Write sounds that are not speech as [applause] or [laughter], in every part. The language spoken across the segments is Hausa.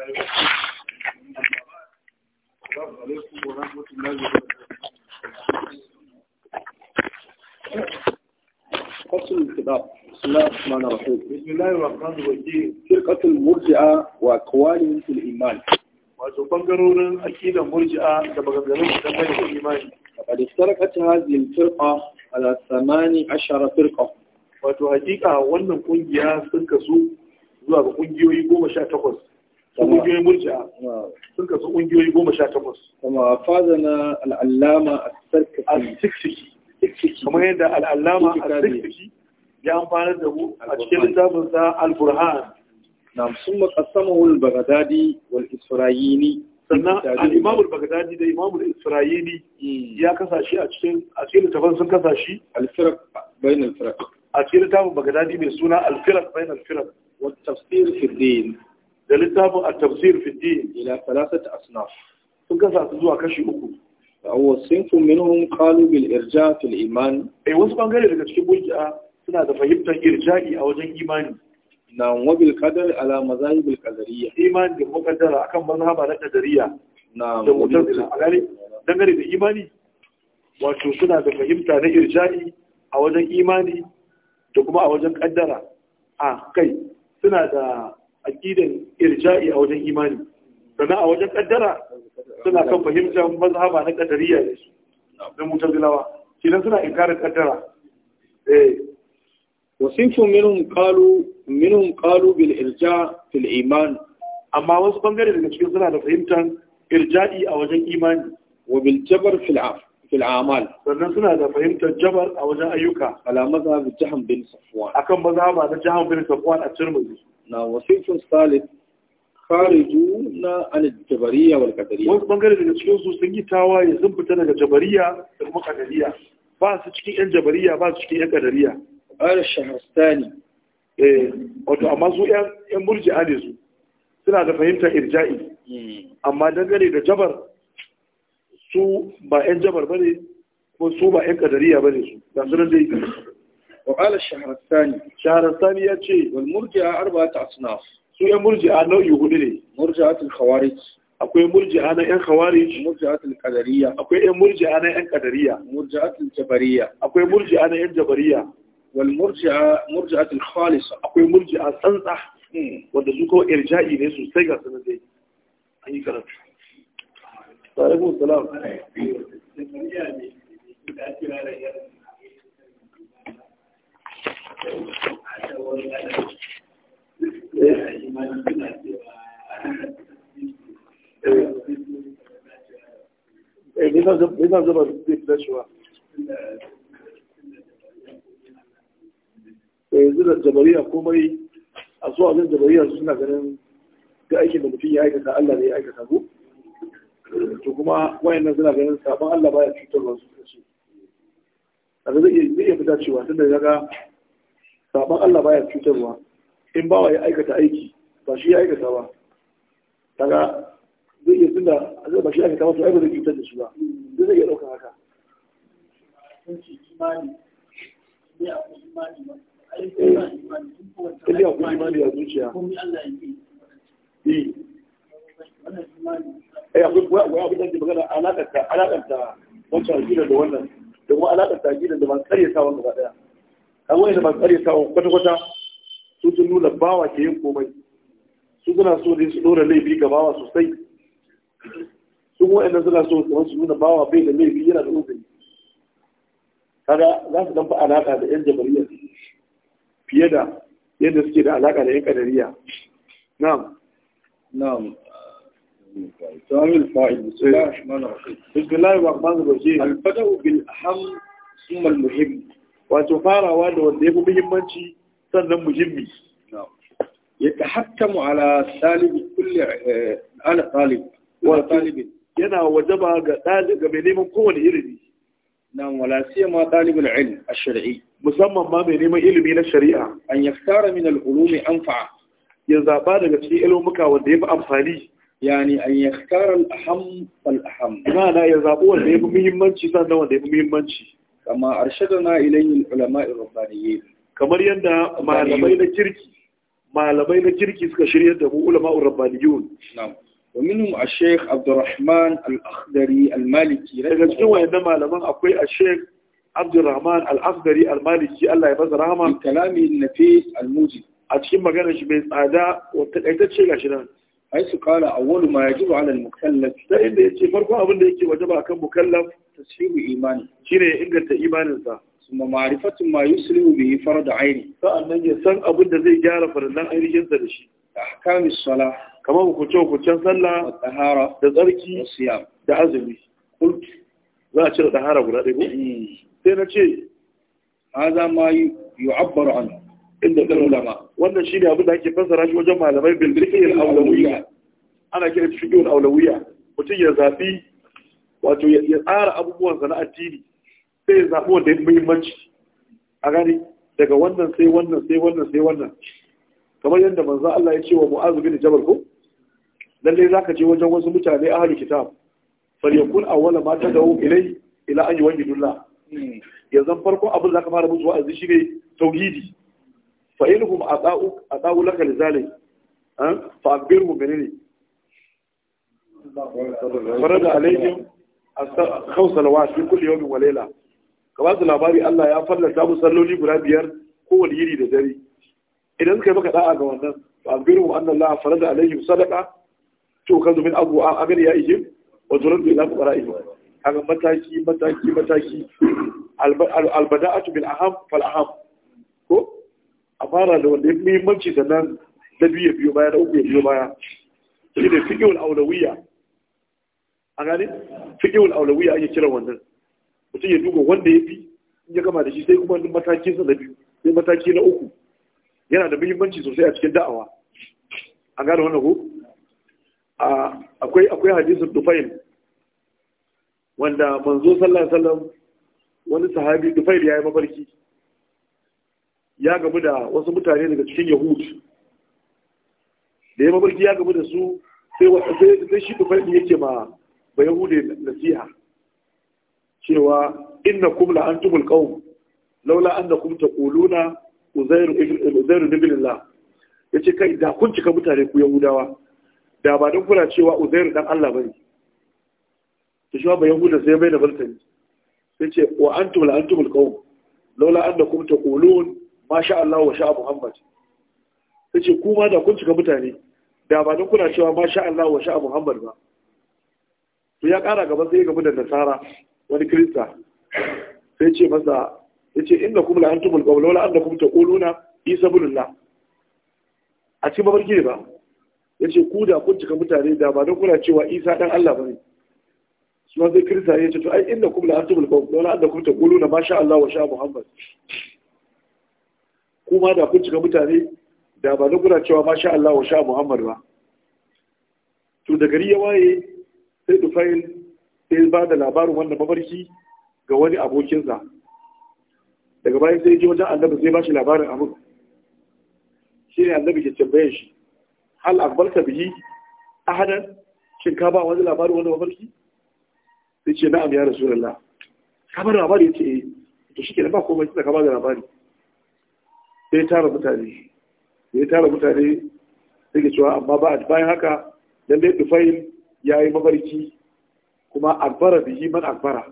قتل الكتاب بسم الله الرحمن الرحيم بسم الله الرحمن الرحيم فرقة المرجئة وأقوال في الإيمان wato bangarorin akidan murji'a da maganganun da bai فقد افترقت هذه الفرقة على ثماني عشر فرقة wato hakika wannan kungiya sun kasu zuwa ga kungiyoyi goma sha kungiyoyin murja sun kasu ƙungiyoyi goma sha takwas. Kama faza na al'allama a sarkaki. Kamar yadda al'allama a sarkaki ya amfanar da mu a cikin littafin sa al-Burhan. Na sun sama wal Bagadadi wal Isra'ini. Sannan al-Imamul Bagadadi da Imamul Isra'ini hmm. ya kasa shi a cikin a cikin littafin sun kasa shi. Al-Firak bayan al-Firak. A cikin littafin Bagadadi mai suna al-Firak bayan al-Firak. Wata tafsir fi din. da littafin a tafsir fi din ila salasat asnaf sun kasa su zuwa kashi uku wa sinfu minhum qalu bil irja fil iman eh wasu bangare daga cikin bujja suna da fahimtar irja'i a wajen imani na bil qadar ala mazahib al qadariyya imani da muqaddara akan mazhaba na qadariyya na da mutazila dangane da imani wato suna da fahimta na irja'i a wajen imani da kuma a wajen kaddara a kai suna da aqidan irja'i a wajen imani sannan a wajen ƙaddara suna kan fahimtar mazhaba na kadariya da su da mutazilawa kidan suna inkarin kaddara eh wasinfu minhum qalu minhum bil irja' fil iman amma wasu bangare daga cikin suna da fahimtar irja'i a wajen imani wa bil jabr fil fil a'mal sannan suna da fahimtar jabar a wajen ayyuka ala mazhab jaham bin safwan akan mazhaba na jaham bin safwan a tirmidhi na wasifin salif khariju na an jabariya wal qadariya wasu bangare daga cikin su sun yi tawaye sun fita daga jabariya da kuma qadariya ba su cikin yan jabariya ba su cikin yan qadariya al shahrastani eh wato amma su yan yan murji'a ne su suna da fahimtar irja'i hmm. amma dangane da jabar su ba yan jabar bane ko su ba yan qadariya bane su ga sunan dai wa الشهر الثاني شهر الثاني wal والمرجع أربعة أصناف su ya murji'a nau'i hudu ne murji'atul khawarij akwai murji'a na yan khawarij murji'atul qadariyya akwai yan murji'a na yan qadariyya murji'atul jabariya. akwai murji'a na yan jabariya. wal murji'a murji'atul khalisa akwai murji'a tsantsa wanda su kawai irja'i ne sosai ga dai Nisan zama zai fi dacewa. Yanzu da jabariya komai a zuwa zan jabariya su suna ganin ga aikin da mutum ya aikata Allah ne ya aikata ku. To kuma wayannan suna ganin sabon Allah baya cutarwa su kace. Kaga zai iya fita cewa tunda ya ga saban Allah baya cutarwa in bawa ya aikata aiki ba shi ya aikata ba Daga zai iya tunda zai ba shi aikata ba to ai ba zai cutar da shi ba zai zai iya ɗaukar haka Kalli a kuma imani a zuciya. Eh, eh akwai kuwa abin da ke magana alaƙanta wancan akidar da wannan, da kuma alaƙanta akidar da ba karyata wanda gaba ɗaya. a wani da masu tsare kawo kwata-kwata su sun nuna bawa ke yin komai su suna so ne su dora laifi ga bawa sosai su kuma inda suna so su su nuna bawa bai da laifi yana da uzuri kaga za su damfa alaƙa da yan jabariya fiye da yadda suke da alaƙa da yan kadariya na'am na'am تعامل الفاعل بسم الله الرحمن الرحيم al الله الرحمن الرحيم البدء بالأهم ثم المهم wato farawa da wanda ya fi muhimmanci sannan muhimmi ya tahattamu ala talibi kulli eh, ala talib wa talibin yana wajaba ga ɗalibi ga mai neman kowane ilimi Na wala ma ɗalibin ilm a shari'i. musamman ma mai neman ilimi na shari'a an yaftara min al-ulumi anfa'a ya zaba daga cikin ilmuka wanda fi amfani yani an yaftara al-aham fal aham na ya zabo wanda ya fi muhimmanci sannan wanda ya fi muhimmanci kama arshadana ilayhi ulama ar-rabbaniyyin kamar yadda malamai na kirki malamai na kirki suka shirya da mu ulama ar-rabbaniyyin na'am wa minhum ash-shaykh Abdurrahman al-Akhdari al-Maliki daga cikin wayannan malaman akwai ash-shaykh Abdurrahman al-Akhdari al-Maliki Allah ya fasa rahama kalami nafis al-mujib a cikin maganar shi mai tsada wata kaitacce gashi nan haisu kala awwalu ma yajibu ala al-mukallaf da inda yace farko abin da yake wajaba akan mukallaf tashihu imani shine ya inganta imanin sa kuma ma'rifatu ma yuslihu bihi farad aini sa'annan ya san abin da zai gyara farannan ainihin sa da shi ahkamis sala kamar ku hukuncen sallah tahara da tsarki da siyam da azumi kult za a cire tahara guda ɗaya eh. sai na ce hadha ma yu'abbaru anhu inda ɗan ulama wannan ne abin da ake fassara shi wajen malamai bil fiqhil ana kira fiqhil awlawiyya mutum ya zafi, wato ya tsara abubuwan sana addini sai ya zaɓi wanda ya muhimmanci a gani daga wannan sai wannan sai wannan sai wannan kamar yadda manzo Allah ya ce wa mu'azu bin Jabal ko lalle zaka je wajen wasu mutane ahlul kitab yakun awwala ma tad'u ilai ila an yuwahhidullah hmm. yanzu farko abin zaka fara musu wa'azi shine tauhidi fa inhum ata'u ata'u laka lizalik an fa abirhum menene farada alaihim khawsal wa fi kulli yawmin wa layla ka ba su labari Allah ya fallata mu salloli guda biyar kowane yiri da dare idan suka yi maka da'a ga wannan fa abirhum anna Allah farada alaihim sadaqa to kazu min abu a gani ya mataki mataki mataki aham fal aham ko a fara da wanda ya fi muhimmanci sannan na biyu biyu baya na uku ya biyo baya shi ne fiƙiwul aulawiya a gane fiƙiwul aulawiya ake kira wannan mutum ya duba wanda ya fi in ya gama da shi sai kuma matakin sa na biyu sai mataki na uku yana da muhimmanci sosai a cikin da'awa a gane wannan ko akwai akwai hadisin dufail wanda manzo sallallahu alaihi wasallam wani sahabi dufail ya yi mafarki ya gamu da wasu mutane daga cikin yahud da ya mafarki ya gamu da su sai shi tufaɗi yake ma ba yahude nasiha cewa inna kumla an tumul qawm laula an annakum taquluna uzairu uzairu Ya ce kai da kun cika mutane ku yahudawa da ba don kuna cewa uzairu dan Allah bane ta shi ba yahuda sai bai da bartani sai ce wa antum la antumul qawm laula annakum taqulun masha Allah wa sha'a Muhammad ta ce kuma da kun cika mutane da ba don kuna cewa masha Allah wa sha'a Muhammad ba to ya ƙara gaba sai gaba da nasara wani kirista sai ce masa ya ce kum la antumul qawla wala annakum taquluna isa bulullah a cikin mafarki ne ba ya ce ku da kun cika mutane da ba don kuna cewa isa dan Allah ba ne shi ma zai kirista ya ce to ai kum la antumul qawla wala annakum taquluna masha Allah wa sha'a Muhammad kuma da kun cika mutane da ba na cewa masha Allah wa sha Muhammad ba to da gari ya waye sai Dufail sai ba da labarin wannan mafarki ga wani abokinsa daga bayan sai ji wajen annabi sai ba shi labarin abin shi ne annabi ke tambaye shi hal akbalta bihi ahadan shin ka ba wani labarin wannan mafarki sai ce na'am ya rasulullah ka ba labari ya ce? eh to shikenan ba komai sai ka ba da labari sai tara mutane sai tara mutane suke cewa amma ba bayan haka dan dai dufail ya yi mafarki kuma akbara da man akbara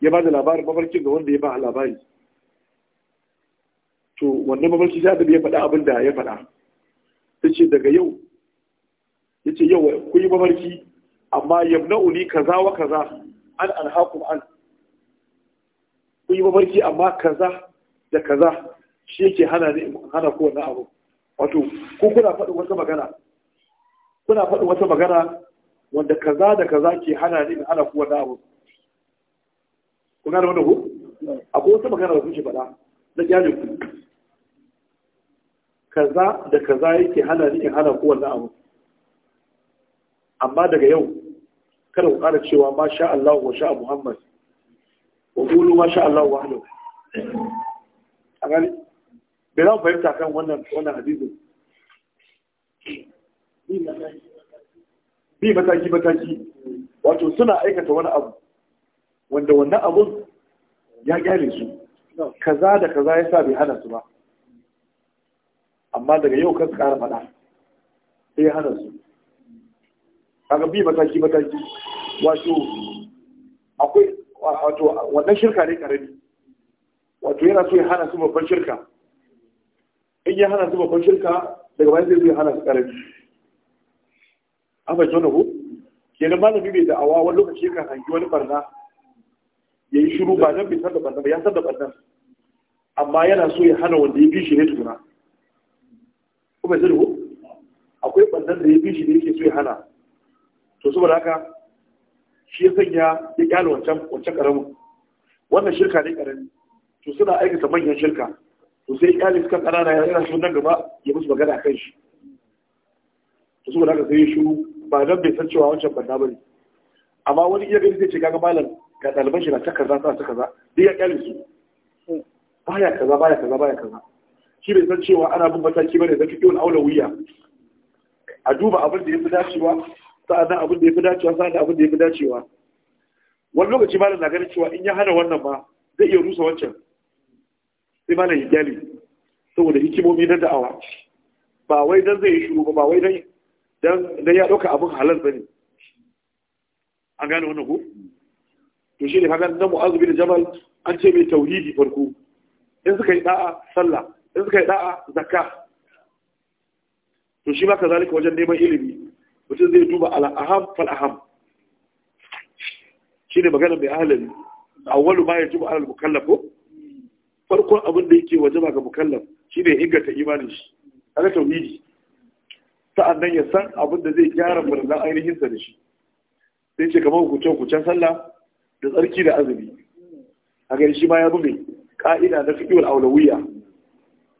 ya ba da labarin mafarkin ga wanda ya ba labari to wannan mafarki da ya faɗa abin da ya faɗa ta ce daga yau ya ce yau ku yi mafarki amma yamna uli kaza wa kaza an alhakum an ku yi mafarki amma kaza da kaza shi yake hana ni hana ko abu wato ko kuna faɗin wata magana kuna faɗin wata magana wanda kaza da kaza ke hana ni hana ko abu kuna da wannan ku akwai wata magana da kuke faɗa na jami ku kaza da kaza yake hana ni in hana ko abu amma daga yau kada ku ƙara cewa ma sha Allah wa sha Muhammad wa qulu ma sha Allah wa ahlu a gani me zan fahimta kan wannan wannan hadisin bi mataki mataki wato suna aikata wani abu wanda wannan abun ya gyare su kaza da kaza ya sa bai hana su ba amma daga yau kan su ƙara faɗa sai ya hana su kaga bi mataki mataki wato akwai wato wannan shirka ne karami wato yana so ya hana su babban shirka in ya hana zuba shirka daga bayan zai hana su karami an fahimci wani ku kenan malami bai da awa wani lokaci kan hangi wani barna ya yi shiru ba nan bai san da barna ba ya san da barna amma yana so ya hana wanda ya fi shi ne tukuna kuma bai sani ku akwai barnan da ya fi shi ne yake so ya hana to saboda haka shi ya sanya ya kyale wancan wancan karamin wannan shirka ne karami to suna aikata manyan shirka to sai iyalin suka ƙanana ya yana shi nan gaba ya musu magana kan shi to saboda haka sai shi shiru ba nan bai san cewa wancan banda bane amma wani iya gani zai ce kaga malam ga ɗaliban shi na ta kaza ta kaza duk ya ƙyale su baya kaza baya kaza baya kaza shi bai san cewa ana bin mataki bane da fiqhul aulawiyya a duba abin da yafi dacewa sa'annan abin da yafi dacewa sa'annan abin da yafi dacewa wani lokaci malam na ganin cewa in ya hana wannan ma zai iya rusa wancan sai na yi gyale saboda hikimomi na da'awa ba wai dan zai yi shiru ba ba wai dan dan ya dauka abin halal bane an gane wannan ko to shi ne kaga nan mu'azu bin jabal an ce mai tauhidi farko in suka yi da'a sallah in suka yi da'a zakka to shi ma kazalika wajen neman ilimi mutum zai duba ala aham fal aham ne magana mai A awwalu ma yajibu ala al-mukallaf farkon abin da yake wajaba ga mukallaf shine inganta imanin shi kaga tauhidi nan ya san abin da zai gyara murnan ainihin sa da shi sai ce kamar hukunce hukuncen sallah da tsarki da azumi a gari shi ma ya bume ka'ida na wal aulawiya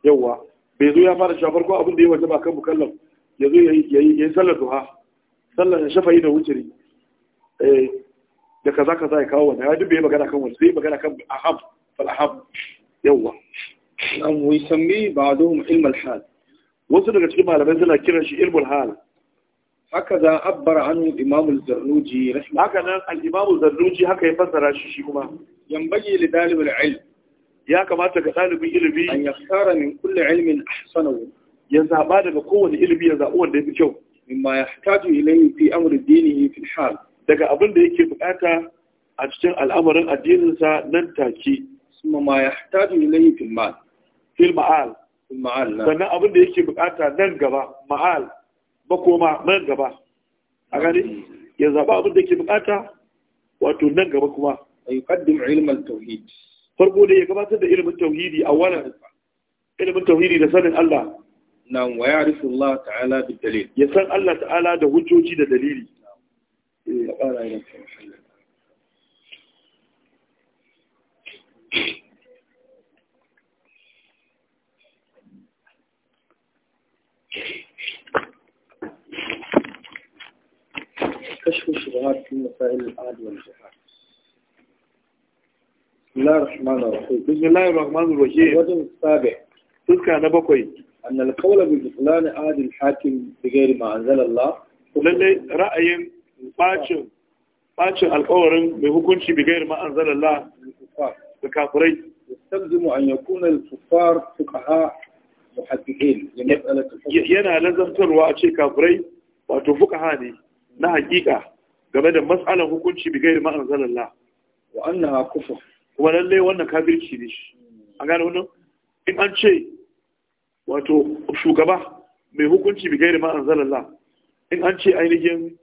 yawa bai zo ya fara shafar ko abin da ya wajaba kan mukallaf ya zo ya yi sallar duha sallar shafa'i da wuturi eh, da kaza kaza ya kawo wannan ya duk bai magana kan wani sai magana kan ahab fal ahab yawwa nan wai sammi ba'dhum ilm al-hal wasu daga cikin malamai suna kiran shi ilmul hal haka za abbara anhu imam az-zarnuji haka nan al-imam zarnuji haka ya fassara shi shi kuma yambage li dalib al-ilm ya kamata ga dalibin ilimi an yaktara min kulli ilmin ahsanahu ya zaba daga kowane ilimi ya zabi wanda yafi kyau mimma yahtaju ilayhi fi amri dinihi fi hal daga abin da yake bukata a cikin al'amarin addininsa nan take kuma ma ya tafi ilahi fil ma'al fil abin da yake bukata nan gaba ma'al makoma nan gaba a gani ya zaba abin da yake bukata wato nan gaba kuma ay qaddim ilm al tauhid ya gabatar da ilmin tauhidi a wannan ilmin tauhidi da sanin Allah nan wa ya'rifu Allah ta'ala dalil ya san Allah ta'ala da hujjoji da dalili كشف الشبهات في مسائل العاد والجهاد بسم الله الرحمن الرحيم بسم الله الرحمن الرحيم الوجه السابع تذكر أنا بقوي أن القول بالبطلان عاد الحاكم بغير ما أنزل الله للي رأي باتشن باتشن القول بهكونش بغير ما أنزل الله Da kafirai yastalzimu an yakuna al-kuffar fuqaha muhaddiqin yana lazantarwa a ce kafirai wato fuqaha ne na hakika game da mas'alan hukunci bi gairi ma anzalallah wa annaha kufur kuma lalle wannan kafirci ne shi an gane wannan in an ce wato shugaba mai hukunci bi gairi ma anzalallah in an ce ainihin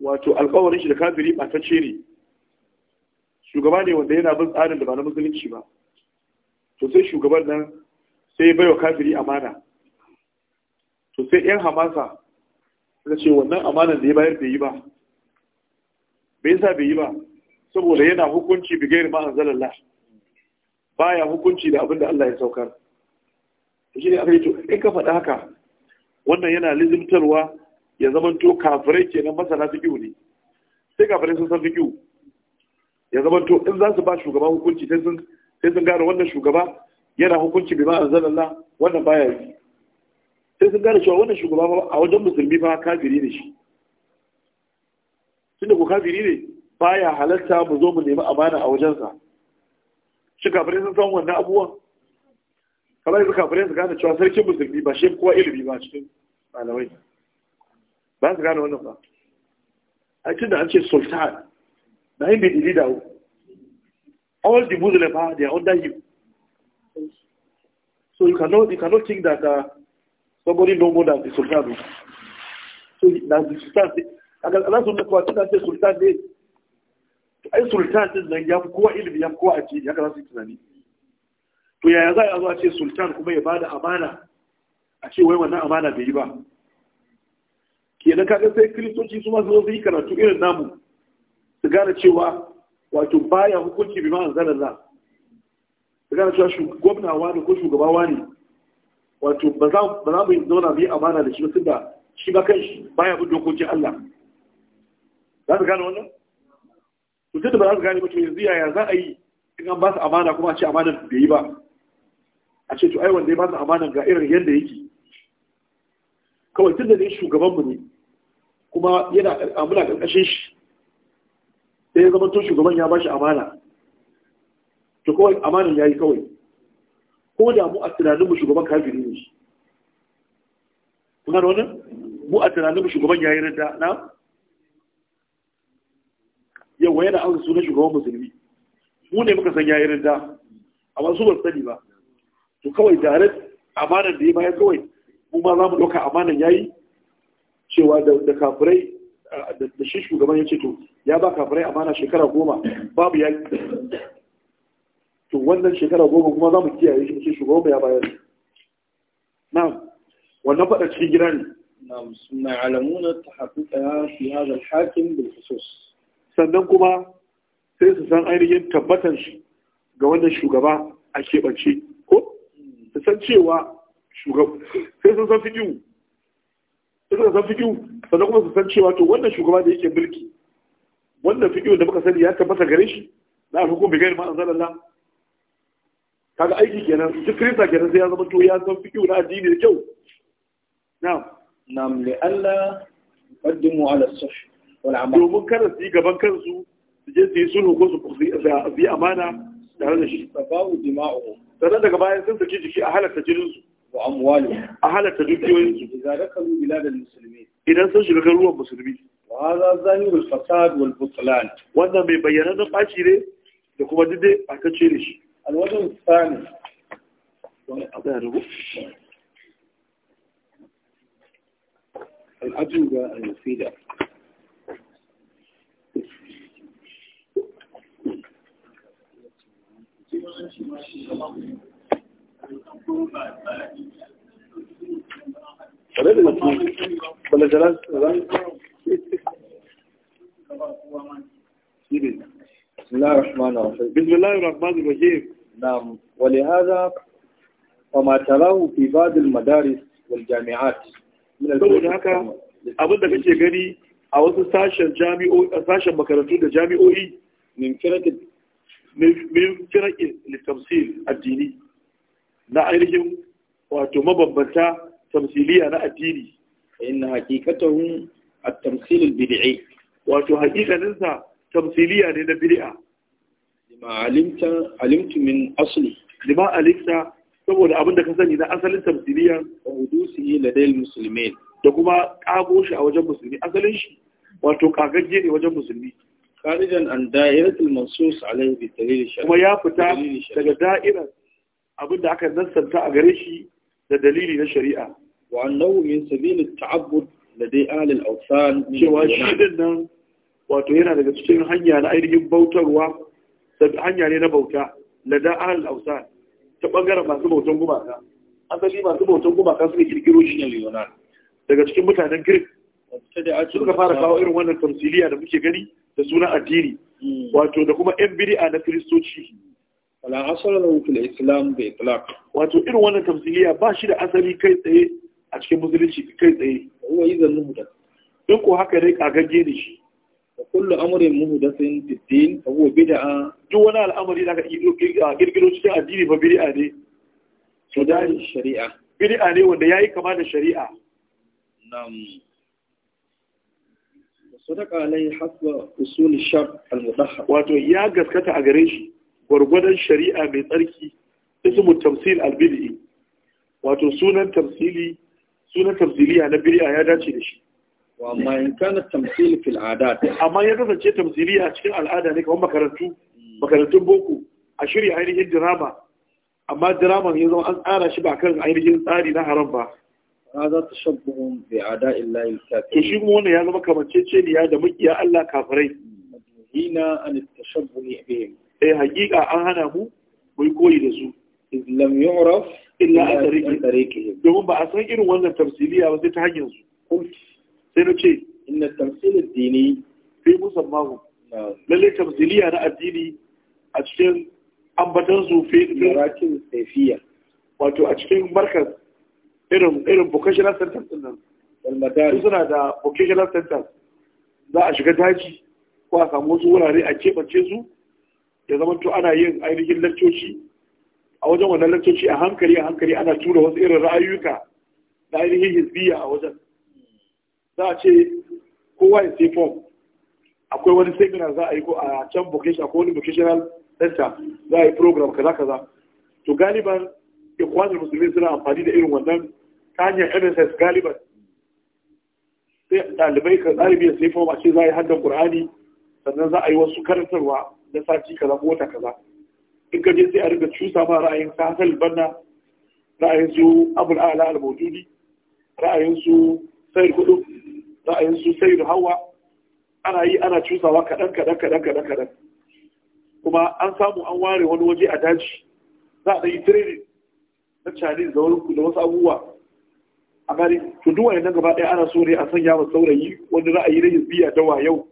wato alƙawarin shi da kafiri ba ta ce ne shugaba ne wanda yana bin tsarin da ba na musulunci ba to sai shugaban nan sai ya baiwa kafiri amana to sai yan hamasa suka ce wannan amanan da ya bayar bai yi ba bai sa bai yi ba saboda yana hukunci bi gairi ma'an zalalla baya hukunci da abin da Allah ya saukar shi ne aka yi to in ka faɗa haka wannan yana lizimtarwa ya zamanto kafirai kenan masana fiƙiu ne sai kafirai sun san fiƙiu ya zama to in za su ba shugaba hukunci sai sun gane wannan shugaba yana hukunci bi ma Allah wannan baya yi sai sun gane cewa wannan shugaba a wajen musulmi ba kafiri ne shi tunda ko kafiri ne baya halatta mu zo mu nemi amana a wajensa shi kafirai sun san wannan abubuwan kamar yanzu kafirai su gane cewa sarkin musulmi ba shi kowa ilimi ba cikin malamai ba su gane wannan ba a cikin da an ce sultan Na him be the leader. All the Muslims are they are under you. So you cannot you cannot think that uh, somebody no more than the Sultan. So that the Sultan Allah sun kuwa tana ce Sultan ne. Ai Sultan din nan ya fi kowa ilimi ya fi a addini haka za su yi tunani. To yaya za a zo a ce Sultan kuma ya bada amana a ce wai wannan amana bai yi ba. Kenan kaga sai Kiristoci su ma su zo su yi karatu irin namu. su gane cewa wato baya hukunci bi ma'an zanen za su gane cewa gwamnawa ne ko shugabawa ne wato ba za mu yi zauna mu amana da shi ba da shi ba kanshi baya bin dokokin Allah za su gane wannan to da ba za su gane ba to yanzu yaya za a yi in an ba su amana kuma a ce amanar bai yi ba a ce to ai wanda ya ba su amanar ga irin yadda yake kawai da ne shugabanmu ne kuma yana muna ƙarƙashin shi sai ya zama to shugaban ya bashi amana to kawai amanan yi kawai ko da mu a tunanin mu shugaban kafiri ne shi kuna da mu a tunanin mu shugaban yi ridda na yawa yana an sunan shugaban musulmi mu ne muka san ya yi ridda amma su ba sani ba to kawai tare amanan da ya bayar kawai mu ma za mu ɗauka amanan yi cewa da kafirai da shi shugaban ya ce to ya ba kafirai amana shekara goma babu ya to wannan shekara goma kuma za mu kiyaye shi ce shugaban ya bayar Na, wannan fada cikin gida ne na'am ta alamuna tsaya fi hadha al-hakim bil khusus sannan kuma sai su san ainihin tabbatar shi ga wannan shugaba a keɓance ko su san cewa shugaba sai sun san yiwu suka san fikiyu sannan kuma su san cewa to wannan shugaba da yake mulki wannan fikiyu da muka sani ya tabbata gare shi na alhukum bi gairi ma anzalallah kaga aiki kenan duk kirista kenan sai ya zama to ya san fikiyu na addini da kyau na'am na'am li alla yuqaddimu ala as-sahih wal amal domin kada su yi gaban kansu su je su yi sulhu ko su yi amana tare da shi jima'u. dima'u sannan daga bayan sun saki jiki a halatta jirinsu. wa a halatta dukiyoyin su idan dakalu biladal musulmi. idan sun shiga garuruwan musulmi wa hadha zahirul fasad wannan bai bayyana na faci ne da kuma dide a kan da shi alwajin tsani الأجوبة المفيدة Thank you. بسم الله الرحمن الرحيم بسم الله الرحمن الرحيم نعم ولهذا وما تراه في بعض المدارس والجامعات من الفرق هكا أبدا كنت يقني او ساشا جامي أو ساشا مكرتو جامي أو إي من فرق من فرق للتمثيل الديني na ainihin wato mabambanta tamsiliya na addini inna haqiqatuhum at-tamsil al-bid'i wato haqiqanin sa tamsiliya ne na bid'a lima alimta alimtu min asli lima alimta saboda abin da ka sani na asalin tamsiliya wa hudusi ladayil muslimin da kuma kago shi a wajen musulmi asalin shi wato kagagge ne wajen musulmi kharijan an da'iratul mansus alayhi bi dalil shar'i kuma ya fita daga da'irar abinda aka nassanta a gare shi da dalili na shari'a wa annahu min sabili ta'abbud ladai ahli al-awsan cewa shi din nan wato yana daga cikin hanya na ainihin bautarwa hanya ne na bauta ladan ahli al-awsan ta bangaren masu bautan gumaka asali masu bautan gumaka suka kirkiro shi ne daga cikin mutanen Greek suka fara kawo irin wannan tamsiliya da muke gani da suna addini hmm. wato da kuma yan bid'a na kiristoci wala asala lahu fil islam bi itlaq wato irin wannan tamsiliya ba shi da asali kai tsaye a cikin musulunci kai tsaye huwa idan muhdath in ko haka dai kagagge ne shi wa kullu amrin muhdathin da din fa huwa bid'a duk wani al'amari da ka girgiro cikin addini ba bid'a ne so da shari'a bid'a ne wanda yayi kama da shari'a nam sadaka alai hasba usul shar al wato ya gaskata a gare shi gwargwadon shari'a mai tsarki ismu tamsil albid'i wato sunan tamsili sunan tamsiliya na bid'a ya dace da shi wa amma in kana tamsil fil adat amma ya kasance tamsiliya cikin al'ada ne kamar makarantu makarantun boko a shirya ainihin drama amma drama ya zama an tsara shi ba kan ainihin tsari na haram ba هذا تشبه بأعداء الله الكافرين تشبه هنا يا زما كما تشيني هذا مكيا الله كافرين نهينا عن التشبه بهم eh haƙiƙa an hana mu mu koyi da su lam yu'raf illa an tariqi domin ba a san irin wannan tafsiliya ba sai ta hanyar su sai na ce inna tamsil ad-dini fi musammahu lalle tafsiliya na addini a cikin ambatan su fi marakin safiya wato a cikin markaz irin irin vocational center din nan walmadari suna da vocational center za a shiga daji ko a samu wasu wurare a keɓance su ya zama to ana yin ainihin lakcoci a wajen wannan lakcoci a hankali a hankali ana tura wasu irin ra'ayuka da ainihin hizbiya a wajen za a ce kowa ya sai form akwai wani seminar za a yi ko a can vocation ko wani vocational center za a yi program kaza kaza to galiban ikwanin musulmi suna amfani da irin wannan ta hanyar NSS galiban sai ɗalibai ka tsari ya sai form a ce za a yi haddan qur'ani sannan za a yi wasu karantarwa na sati kaza ko wata kaza in ka je sai a riga cusa ma ra'ayin sa banna ra'ayin su abul ala al mawjudi ra'ayin su sayyid kudu ra'ayin su sayyid hawa ana yi ana cusawa kadan kadan kadan kadan kadan kuma an samu an ware wani waje a daji za a yi training na chinese da wani da wasu abubuwa a gari to duk wani nan gaba ɗaya ana so ne a sanya wa saurayi wani ra'ayi na hizbiya da wa yau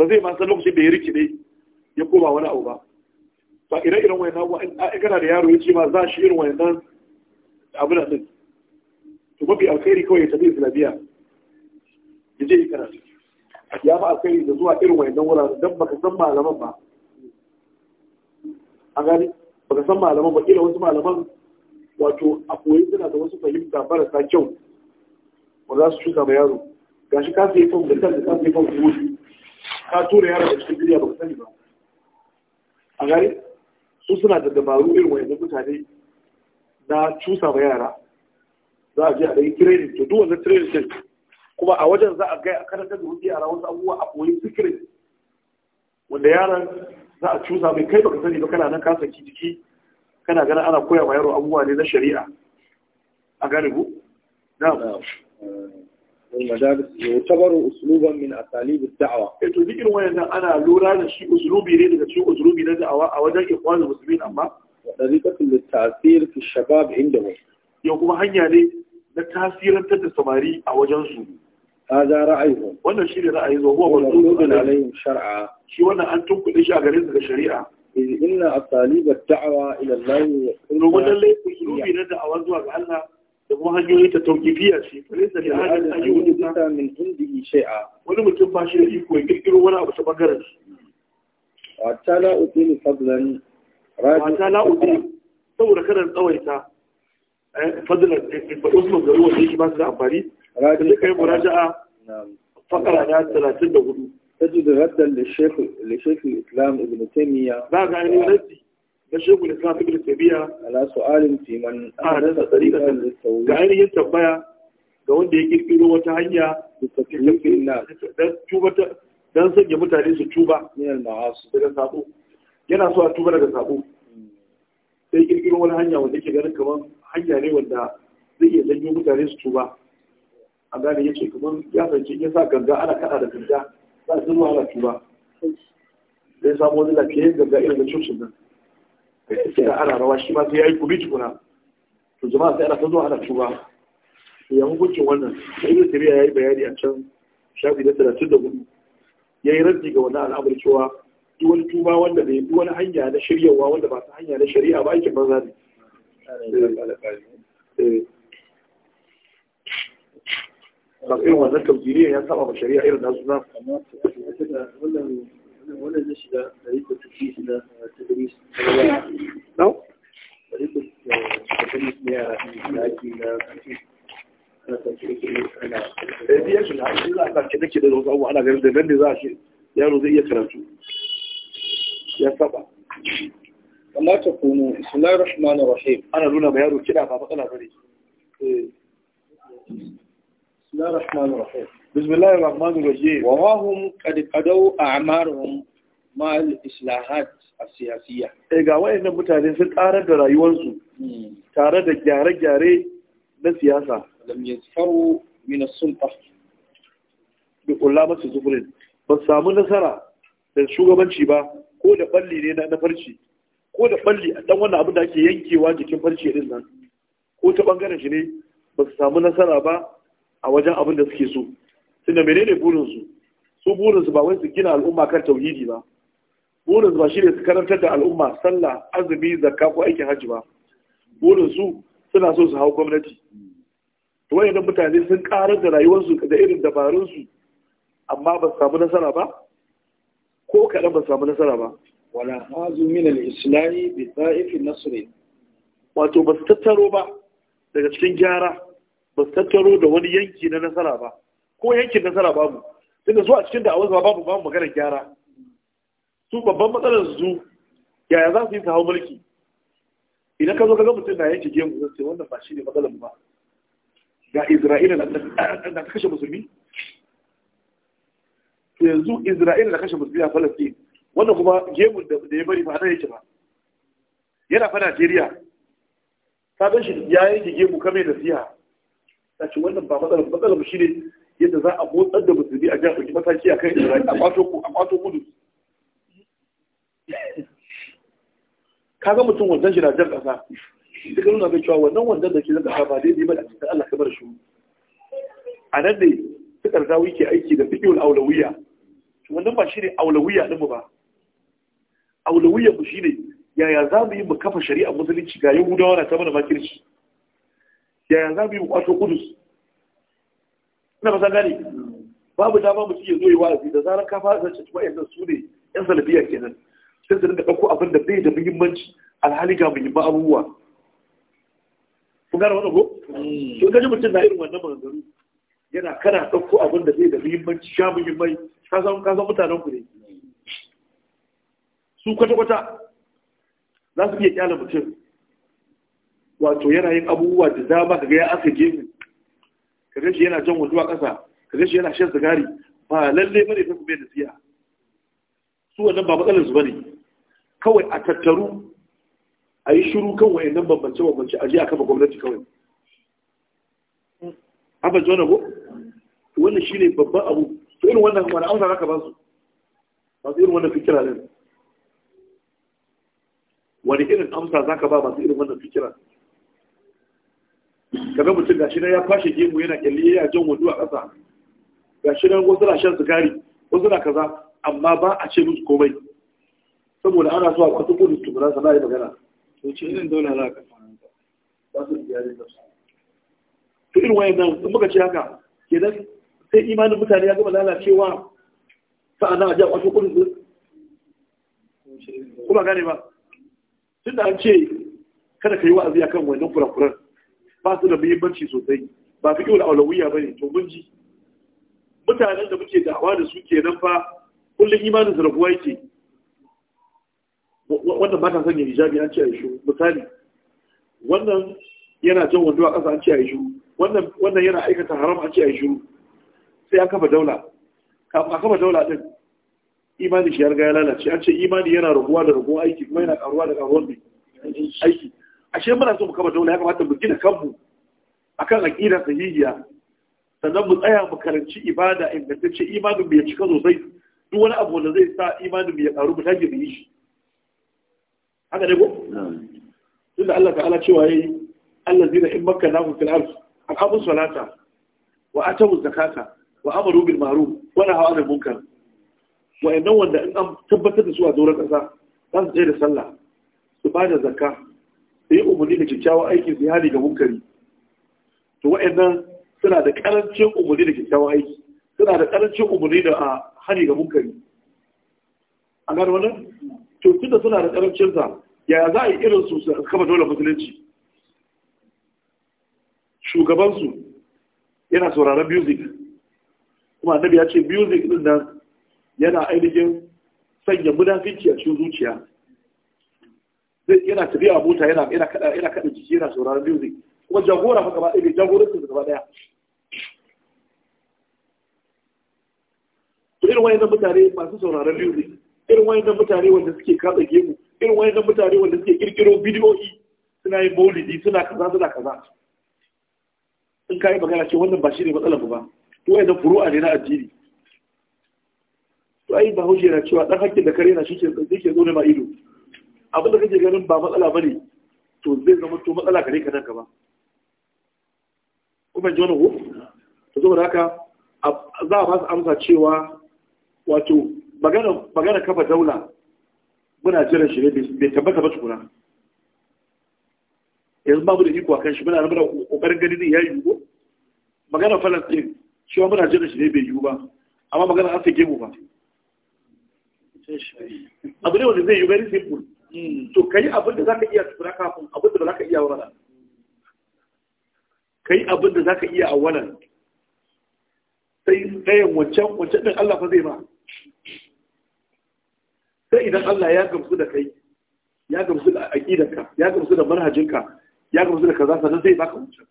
ba zai ma san lokacin da ya rikide ya koma wani abu ba ba ire iren wayannan wa'in in kana da yaro ya ce ma za shi irin wayannan abu da din to mafi alkhairi kawai ya tafi islamiya ya je yi karatu ya ba alkhairi da zuwa irin wayannan wuraren dan baka san malaman ba a gani baka san malaman ba kila wasu malaman wato a koyi suna da wasu fahimta marasa kyau ba za su shuka ba yaro gashi ka sai fom da kan da fahimta, sai fom ka tura yara da cikin duniya ba ku sani ba a gari su suna da dabaru irin wayannan mutane na cusa ba yara za a je a yi training to duk wannan training din kuma a wajen za a ga a karanta da wuce yara wasu abubuwa a koyi sikirin wanda yaran za a cusa mai kai baka sani ba kana nan ka saki jiki kana ganin ana koya wa yaro abubuwa ne na shari'a a gane ku na'am والمجالس يعتبر أسلوبا من أساليب الدعوة. إنتو ذكر وين أنا لورا شيء أسلوبي ليه شيء أسلوبي ليه أو أو ده إخوان المسلمين أما وطريقة للتأثير في الشباب عندهم. يوم هنيا لي لتأثير تد السماري أو جنسو. هذا رأيهم. وأنا شيء رأيه وهو مردود عليهم شرعا. شيء وأنا أنتم كل شيء أجريز الشريعة. إذ إن أساليب الدعوة إلى الله. لو قلنا لي أسلوبي ليه دعوة زوا الله da kuma hanyoyi ta tauƙifiya ce falaisa da hajjin hanyoyi ta min indi shay'a wani mutum ba shi da iko ya kirkiro wani abu ta bangaren shi wata la udini fadlan wata la udini saboda karan tsawaita fadlan usman gari wanda yake ba su da amfani da suka yi muraja'a fakara na talatin da hudu تجد ردا للشيخ لشيخ الاسلام ابن تيميه لا يعني ردي na shehu da sa ibn tabiya ala su'alin fi man arasa tariqatan ga ainihin tambaya ga wanda ya kirkiro wata hanya da tafiya dan sanya mutane su tuba daga sabo yana so a tuba daga sabo hmm. sai kirkiro wani hanya wanda ke ganin kamar hanya ne wanda zai iya janyo mutane su tuba a gane ya ce kamar ya fahimci ya sa ganga ana kada da kanta, za a zuwa ana tuba sai samu wani lafiyayyen ganga irin da cocin nan sai da ana rawa shi ma sai ya yi kubi tukuna to jama'a sai ana ta zuwa ana tuba to ya hukuncin wannan sai ibn tabiya ya yi bayani a can shafi na talatin da hudu ya yi rantsi ga wannan al'amari cewa duk wani tuba wanda bai duk wani hanya na shiryawa wanda ba ta hanya na shari'a ba aikin banza ne eh. Eh. ba wannan tafsiriyar ya saba ma shari'a irin nasu na wannan da za a yaro zai iya karatu ya saba kama rahim ana nuna ba yaro kiɗa ba matsala bane eh bismillahir rahim bismillahir rahmanir rahim wa wahum qad qadaw a'marhum ma al-islahat as-siyasiyya eh ga wayannan mutane sun karar da rayuwarsu hmm. tare da gyare-gyare na siyasa lam yazfaru min as-sulta bi qulamati zubrin ba samu nasara da shugabanci ba ko da balli ne na farci ko da balli dan wannan abin da ake yankewa jikin farci din nan ko ta bangaren shi ne ba su samu nasara ba a wajen abin da suke so tunda menene burinsu su burinsu ba wai su gina al'umma kan tauhidi ba burinsu ba shine su karantar da al'umma sallah azumi zakka ko aikin hajji ba burinsu suna so su hau gwamnati to idan mutane sun karar da rayuwarsu da irin dabarunsu amma ba su samu nasara ba ko kaɗan ba su samu nasara ba wala hazu min al-islahi bi ta'if nasr wato ba su tattaro ba daga cikin gyara ba su tattaro da wani yanki na nasara ba ko yankin nasara babu da zuwa cikin da awazma babu babu magana gyara su babban matsalar su yaya za su yi su hau mulki idan ka zo ka ga mutum na yanke gemu zan ce wannan ba shi ne matsalar ba ga Isra'ila na ta kashe musulmi yanzu Isra'ila na kashe musulmi a Falastin wannan kuma gemun da ya bari ba nan yake ba yana fa Najeriya ta ganshi shi ya yanke gemu kame da siya ta ce wannan ba matsalar matsalar shi ne yadda za a motsar da musulmi a jihar ɗauki mataki a kan isra'ila a kwato kudu ka ga mutum wajen shi na jan ƙasa duk nuna mai cewa wannan wajen da ke zan ƙasa ba ne ba da cikin allah kamar shi a nan ne su rawi ke aiki da fiƙiyar aulawiya wannan ba shi ne aulawiya ɗinmu ba aulawiya mu shi ne yaya za mu yi mu kafa shari'a musulunci ga yahudawa na ta mana makirci yaya za mu yi mu kwato kudus ina fasa gane babu dama mutum ya zo yi wa'azi da zarar ka fara sace tuwa yanzu su ne yan salafiya kenan sai su da ɗauko abin da bai da muhimmanci alhali ga muhimman abubuwa kun gane wannan ko hmm. to gaji mutum na irin wannan maganganu yana kana ɗauko abin da bai da muhimmanci sha muhimmai ka san ka san mutanen ku ne su kwata-kwata za su iya kyala mutum wato yana yin abubuwa da dama daga ya aka gefe kaga shi yana jan a ƙasa kaga shi yana shan sigari ba lalle bane fa bai da siya su wannan ba matsalar su bane kawai a tattaru a yi shiru kan wayannan bambance bambance a je a kafa gwamnati kawai abin jona ko wannan shine babban abu to irin wannan wani amsa ka ba su masu irin wannan fikira ne wani irin amsa zaka ba masu irin wannan fikira kaga mutum gashi nan ya kwashe gemu yana kyalli ya jan wando a ƙasa gashi nan wasu na shan sigari wasu na kaza amma ba a ce musu komai saboda ana so a kudu su tumura sana yi magana to ce irin dole za ka ba su iyalin da su to irin wayan nan in muka ce haka kenan sai imanin mutane ya gama lalacewa sa'ana a ji a kwasu kudu kuma gane ba tun da an ce kada ka yi wa'azi akan wannan kurakuran ba su da muhimmanci sosai ba su kyau da ba ne to mun ji mutanen da muke da'awa da su ke nan fa kullum imanin su rabuwa yake wannan ba ta sanya hijabi an ce a yi misali wannan yana jan wando a ƙasa an ce a yi wannan yana aikata haram an ce a yi sai an kafa daula kafin a kafa daula din imanin shi ya riga ya lalace an ce imani yana rabuwa da rabuwa aiki kuma yana karuwa da karuwar ne ashe muna so mu kama daula ya kamata mu gina kanmu akan aqida sahihiya sannan mu tsaya mu karanci ibada ingantacce imanin mu ya cika sosai duk wani abu da zai sa imanin mu ya karu mu tage mu yi shi haka ne ko tunda Allah ta'ala cewa yayi allazina in makkanahu fil ardh aqamu salata wa atu zakata wa amaru bil ma'ruf wa nahaw anil munkar wa inna wanda in an tabbatar da su a doron kasa za su tsaye da sallah su ba da zakka su yi umarni da kyakkyawan aiki su yi hali ga munkari to wa'annan suna da karancin umarni da kyakkyawan aiki suna da karancin umarni da hali ga munkari a gano wannan to tunda suna da karancin sa yaya za a yi irin su su kama dole musulunci shugabansu yana sauraron music kuma annabi ya ce music din nan yana ainihin sanya munafici a cikin zuciya yana tafiya a mota yana yana kada yana kada jiki yana sauraron zai kuma jagora fa gaba ɗaya jagorancin gaba ɗaya to irin wayannan mutane masu sauraron zai irin wayannan mutane wanda suke katsa gemu irin wayannan mutane wanda suke kirkiro bidiyoyi suna yin maulidi suna kaza suna kaza in ka yi magana ce wannan ba shi ne matsalar ba to wayannan furu'a ne na addini to ai ba hujjera cewa dan hakkin da kare na shi ke zo ne ma ido abin da kake ganin ba matsala ba ne to zai zama to matsala gare ka nan gaba kuma ji wani ko to da haka za a ba su amsa cewa wato magana kafa daula muna jiran shi ne bai tabbata ba tukuna yanzu ba mu da iko kan shi muna muna kokarin gani ne ya yugo magana falastin shi wa muna jiran shi ne bai yiwu ba amma magana an sake mu ba abu ne wanda zai yi very simple Mm. to kai abin da zaka iya tsura kafin abin da ba zaka iya wannan kai abin da zaka iya a wannan sai dayan wancan wancan din Allah fa zai ba sai idan Allah ya gamsu da kai ya gamsu da aqidarka ya gamsu da manhajinka ya gamsu da kaza sai zai baka wancan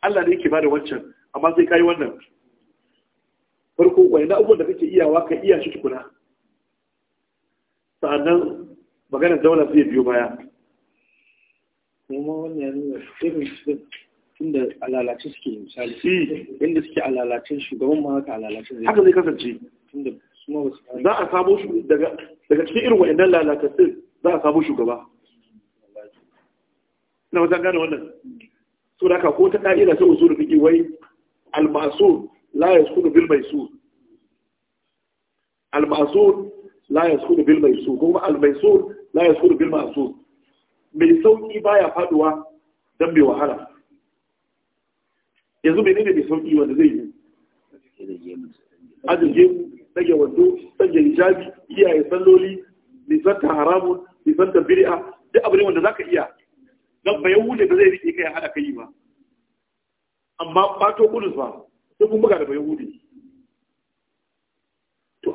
Allah ne yake bada wancan amma sai kai wannan farko na abubuwan da kake iyawa ka iya shi tukuna sa'annan maganar daular zai biyo baya kuma wannan irin tunda alalacin suke misali inda suke alalacin shugaban ma haka alalacin zai haka zai kasance za a sabo daga daga cikin irin wa'annan lalatattun za a sabo shugaba ina wajen gane wannan so da ko ta ka'ida sai usul fiki wai almasu masur la yasqulu bil maysur Almasu. la yasqutu bil maysur kuma al maysur la yasqutu bil ma'sur mai sauki baya faduwa don mai wahala yanzu menene mai sauki wanda zai yi ajiye mu dage wando sanya hijabi iyaye salloli nisanta haramun nisanta bid'a duk abu ne wanda za ka iya don bayan wuce ba zai riƙe kai a hada kai ba amma ba to kudus ba sai kun buga da bayan wuce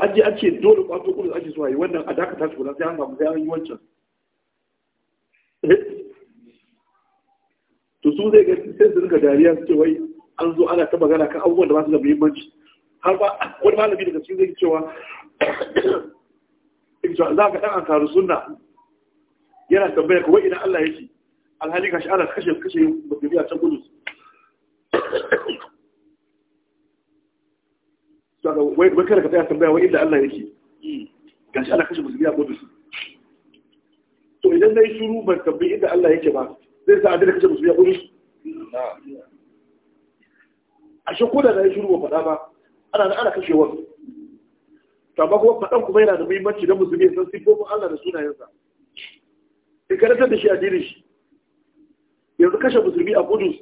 an je an ce dole kwato kudu ake so yi wannan a dakata shi kuna sai an samu sai an yi wancan eh? to su zai ga sai su rika dariya su ce wai an zo ana ta magana kan abubuwan da ba su da muhimmanci har ba wani malami daga cikin zai cewa [coughs] za ka dan an karu sunna yana tambaya wai idan Allah yake alhali ka shi ana kashe kashe mutum a can kudu wai kada ka tsaya tambaya wai inda Allah yake shi ana kashe musulmi a kotu to idan na yi shuru ban tambayi inda Allah yake ba zai sa adina kashe musulmi a kotu a shi ko da na yi shuru ban faɗa ba ana ana kashe wasu to amma kuma faɗan kuma yana da muhimmanci don musulmi ya san siffofin Allah da sunayensa in karantar da shi addinin shi yanzu kashe musulmi a kudus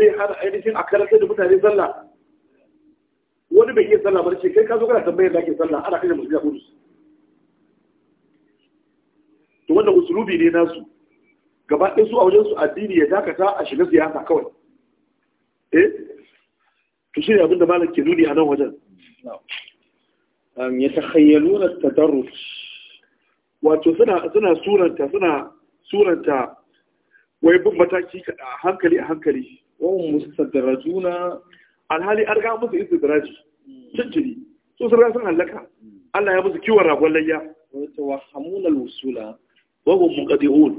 zai hana ainihin a karantar da mutane sallah wani bai iya sallah ba ce kai ka zo kana tambayar da ake sallah ana kashe musulmi a kudu to wannan usulubi ne nasu gaba ɗaya su a wajen su addini ya dakata a shiga siyasa kawai eh to shi ne abinda malam ke nuni a nan wajen ya na tadarrus wato suna suna suranta suna suranta wai bin mataki a hankali a hankali wa na. alhali an ga musu istidraji cinciri su sun sun halaka. Allah ya musu kiwon ragon layya wa hamunal wusula wa hum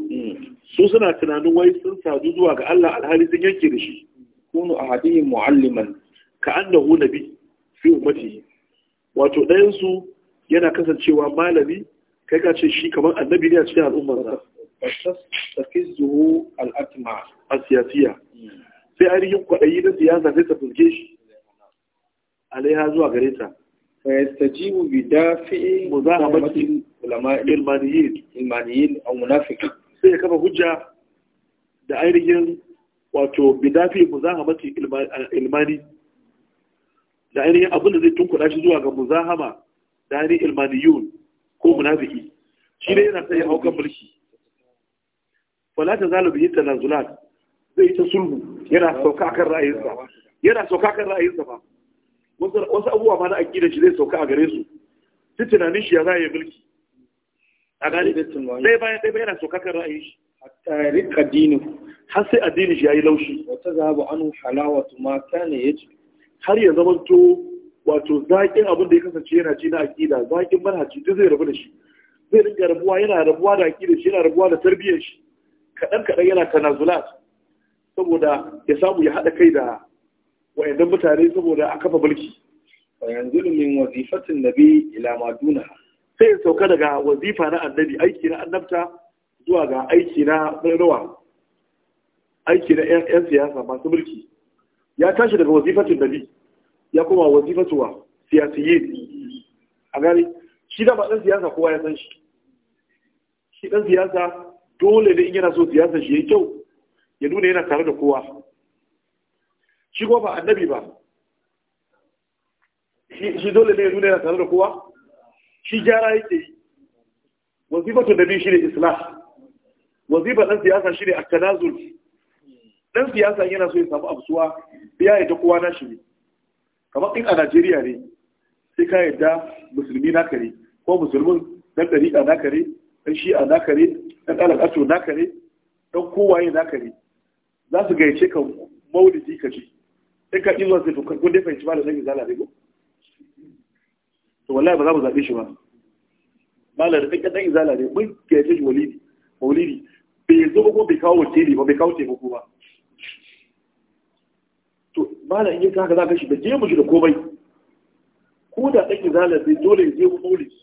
hmm. su suna tunanin wai sun sadu zuwa ga Allah alhali sun yanke da shi kunu ahadihim mu'alliman ka annahu nabi fi ummatihi wato ɗayan su yana kasancewa malami kai ka ce shi kamar annabi ne a cikin al'ummarsa fasaskizuhu al'atma a siyasiya hmm. sai ainihin kwaɗayi na siyasa sai ta fuske shi alaiha zuwa gare ta ji mu bi dafi'i muzahabati ulama ilmaniyin ilmaniyin a munafiq sai ya kafa hujja da ainihin wato bi a muzahabati ilmani da ainihin abin da zai tunkuɗa shi zuwa ga muzahama da ainihin ilmaniyun ko munafiki shi ne yana sai ya hau kan mulki fala ta zalu bi tanzulat zai ta sulhu yana sauka kan ra'ayinsa yana sauka kan ra'ayinsa ba wasu abubuwa ma na aƙidar shi zai sauka a gare su su tunanin shi ya za ya mulki a gane ɗaya bayan ɗaya yana sauka kan ra'ayin shi hatta rika dini har sai addinin shi yayi laushi wata zahabu anu halawatu ma kana yaji har ya zama to wato zakin abin da ya kasance yana ci na akida zakin manhaji duk zai rabu da shi zai dinga rabuwa yana rabuwa da akida shi yana rabuwa da tarbiyyar shi Kaɗan-kaɗan yana tanazulat saboda ya samu ya haɗa kai da wayannan mutane saboda a kafa mulki yanzu min wazifatin nabi ila maduna sai ya sauka daga wazifa na annabi aiki na annabta zuwa ga aiki na rawa aiki na yan siyasa masu mulki ya tashi daga wazifatin nabi ya koma wazifatuwa siyasiyi a gani shi da ba ɗan siyasa kowa ya san shi shi ɗan siyasa dole ne in yana so siyasa shi ya kyau ya nuna yana tare da kowa shi ko ba annabi ba shi dole ne ya nuna yana tare da kowa shi gyara yake yi wazifatun nabi shi ne Islam. wazifar ɗan siyasa shi ne a tanazul ɗan siyasa yana so ya samu abusuwa ya yi ta kowa na shi ne kamar in a najeriya ne sai ka yadda musulmi na kare ko musulmin ɗan ɗariƙa na kare ɗan shi'a na kare ɗan ɗalakato na kare ɗan kowaye na kare za su gaice ka maulidi ka ji in ka ɗin wasu to kun dai fahimci ba da zai zala ne ko to wallahi ba za mu zaɓe shi ba da ɗin ɗan izala ne mun gaice shi maulidi maulidi bai zo ba ko bai kawo wakili ba bai kawo taimako ba to da in yi haka za ka shi da je mu shi da komai ko da ɗan izala zai dole ya je mu maulidi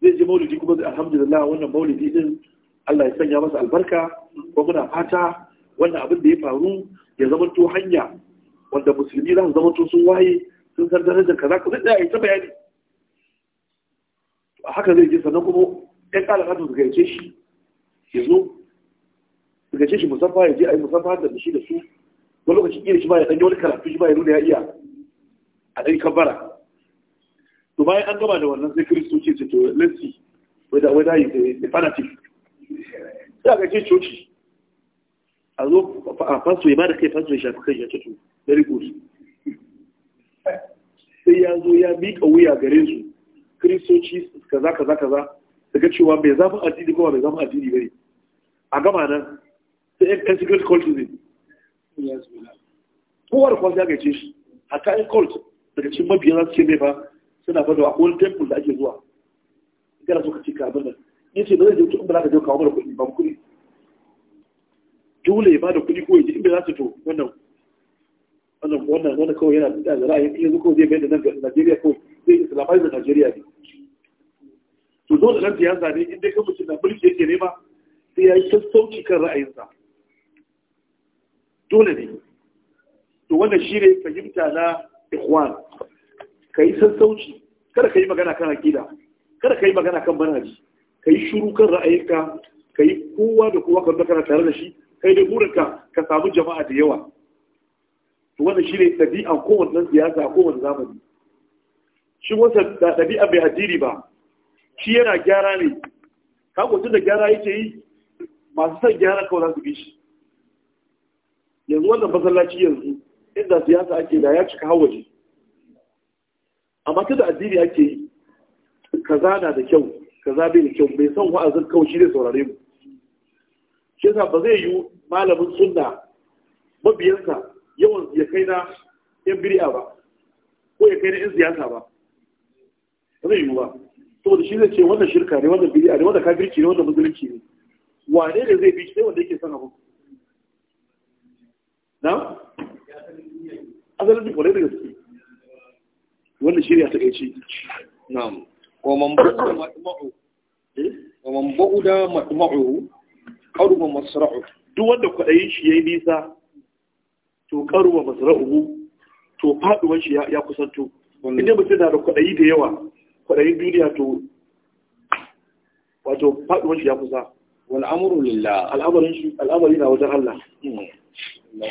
zai je maulidi kuma alhamdulillah wannan maulidi din Allah ya sanya masa albarka ko muna fata wannan abin da ya faru ya zama to hanya wanda musulmi za su zama to sun waye sun san darajar kaza kaza da ya ta bayani haka zai je sannan kuma ɗan ƙalakatu su gaice shi ya zo su gaice shi musamman ya je a yi musamman da shi da su wani lokacin iya shi ma ya ɗanyi wani karatu shi ba ya nuna ya iya a ɗan kabara to bayan an gama da wannan sai kiristoci ce to let's see whether whether he's fanatic sai aka ce coci a zo a faso ya ba da kai faso ya shafi kai ya tutu da riko sai ya zo ya miƙa wuya gare su kiristoci kaza kaza kaza daga cewa mai zafin addini kuma mai zafin addini bane a gama nan sai yan ethical cultism kowa da kwanci ya gaice shi hatta yan cult daga cikin mabiya za su ce mai ba suna fada a wani temple da ake zuwa gara suka ci ka nan ya ce ba zai je in ba za ka je kawo mana kuɗi ba kuɗi dole ya bada kuɗi ko yaji inda in za su to wannan wannan wannan wannan kawai yana da ra'ayin in yanzu kawai zai bayar da Najeriya ko zai yi islamai da Najeriya ne to dole nan siyasa ne in dai kan mutum na mulki yake nema sai ya yi sassauci kan ra'ayinsa dole ne to wannan shi ne fahimta na ikhwan ka yi sassauci kada ka yi magana kan akida kada ka yi magana kan banaji ka yi shuru kan ra'ayinka ka yi kowa da kowa kan zakara tare da shi kai da burinka ka samu jama'a da yawa to wannan shi ne ko kowane siyasa a kowane zamani shi wasa ɗabi'a bai addini ba shi yana gyara ne ka kwacin da gyara yake yi masu son gyara kawai za su bi shi yanzu wannan masallaci yanzu inda siyasa ake da ya cika hawaje amma tun da addini ake yi kaza na da kyau ka bai da kyau mai son wa'azin kawai shi ne saurare mu shi yasa ba zai yi malamin sunna mabiyansa yawan ya kai na yan biriya ba ko ya kai na yan siyasa ba ba zai yi ba saboda shi zai ce wannan shirka ne wannan biriya ne wannan kafirci ne wannan musulunci ne wane ne zai bi shi sai wanda yake son abu na asalin duk wani da ciki. wannan shirya ta kai ci na'am ومن بعد مطمعه ومن بعد مطمعه قرب مصرعه duk wanda kwaɗayin shi ya yi nisa to karuwa masra'uhu to faɗuwan shi ya kusanto inda mutum na da kwaɗayi da yawa kwaɗayin duniya to wato faɗuwan shi ya kusa wani amuru lillah shi al'amari na wajen Allah hmm.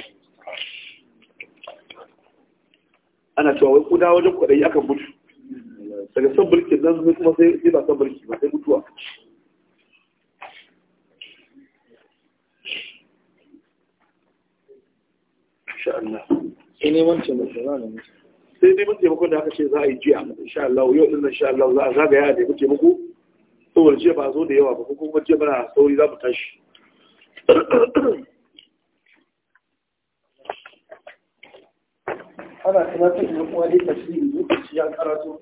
ana cewa wai kuda wajen kwaɗayi akan mutu daga son bulkin nan zuwa kuma sai ina son bulki ba sai mutuwa insha sai neman taimako ne sai neman da aka ce za a yi jiya insha yau din insha za a zagaya a tsohon ce ba zo da yawa ba kuma jiya bana sauri za mu tashi ana tunatar da lokaci ya karatu